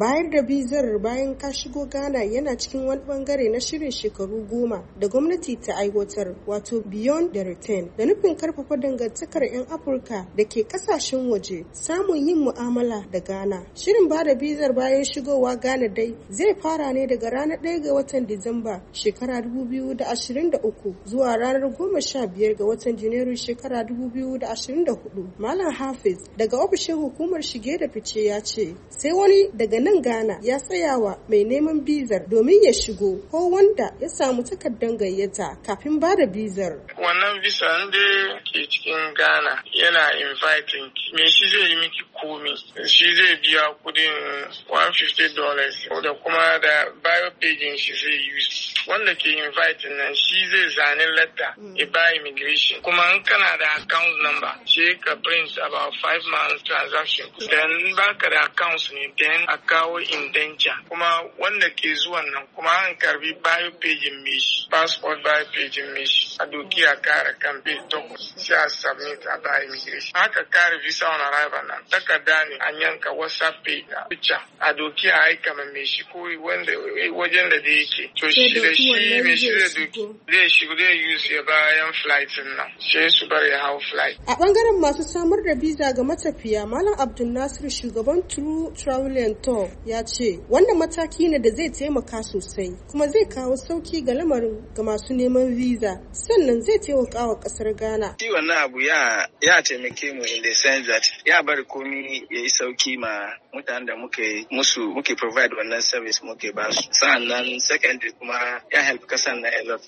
bayar da bizar bayan ka shigo ghana yana cikin wani bangare na shirin shekaru goma da gwamnati ta aiwatar wato beyond the return da nufin karfafa dangantakar 'yan afirka da ke kasashen waje samun yin mu'amala da ghana shirin ba da bizar bayan shigowa ghana dai zai fara ne daga ranar 1 ga watan disamba shekara 2023 zuwa ranar 15 ga watan janairu shekara 2024 malam hafiz daga ofishin hukumar shige da fice ya ce sai wani daga nan Ghana ya wa mai neman bizar domin ya shigo ko wanda ya samu takardar gayyata kafin ba da bizar. Wannan visa da ke cikin Ghana yana inviting ki. Me shi zai yi miki komi? Shi zai biya kudin $150 da kuma da biopagin shi zai yi. Wanda ke inviting nan shi zai zane latta hmm. ya ba immigration. Kuma in kana da account number, sai ka print about five months transaction. Hmm. Then baka da account ne, then account kawo indenja kuma wanda ke zuwan nan kuma an karbi biopagin mishi passport biopagin mishi a doki a kare kan bai tokun sai a submit a ba immigration haka kare visa on arrival nan takarda ne an yanka whatsapp page da picture a doki a aika ma mishi ko wanda eh, wajen da dai yake to shi da shi mai shi da doki zai shigo zai use ya bayan flight nan sai su bar ya hau flight a bangaren masu samar da visa ga matafiya malam abdul nasir shugaban true travel and tour ya ce wannan mataki ne da zai taimaka sosai kuma zai kawo sauki ga lamarin ga masu neman visa sannan zai taimaka wa kasar Ghana. Shi wannan abu ya ya taimake mu in the sense that ya bari komi ya yi sauki ma mutanen da muke musu muke provide wannan service muke ba su. Sannan secondary kuma ya help kasan na a lot.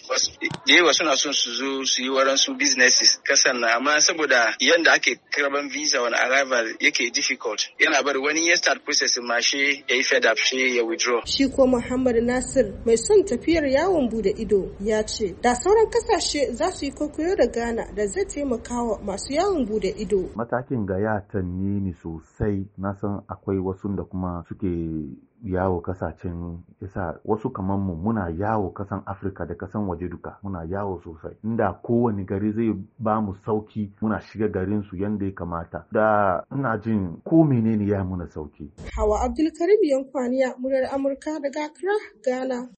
Yawa suna son su zo su yi su businesses kasan na amma saboda yadda ake karban visa wani arrival yake difficult yana bari wani ya start processing ma shi ya yi fed up shi ya withdraw. Shi ko Muhammad Nasir mai son tafiyar yawon bude ido ya ce da sauran kasashe za su yi kokoyo da Ghana da zai taimaka wa masu yawon bude ido. Matakin ga ya tanni ni sosai na san akwai wasu da kuma suke yawo kasashen yasa wasu kamar mu muna yawo kasan afirka da kasan waje duka muna yawo sosai inda kowane gari zai ba mu sauki muna shiga garin su yanda ya kamata da ina jin ko menene ya muna sauki hawa abdul Caribbean Kwaniya muryar Amurka daga Accra, Ghana.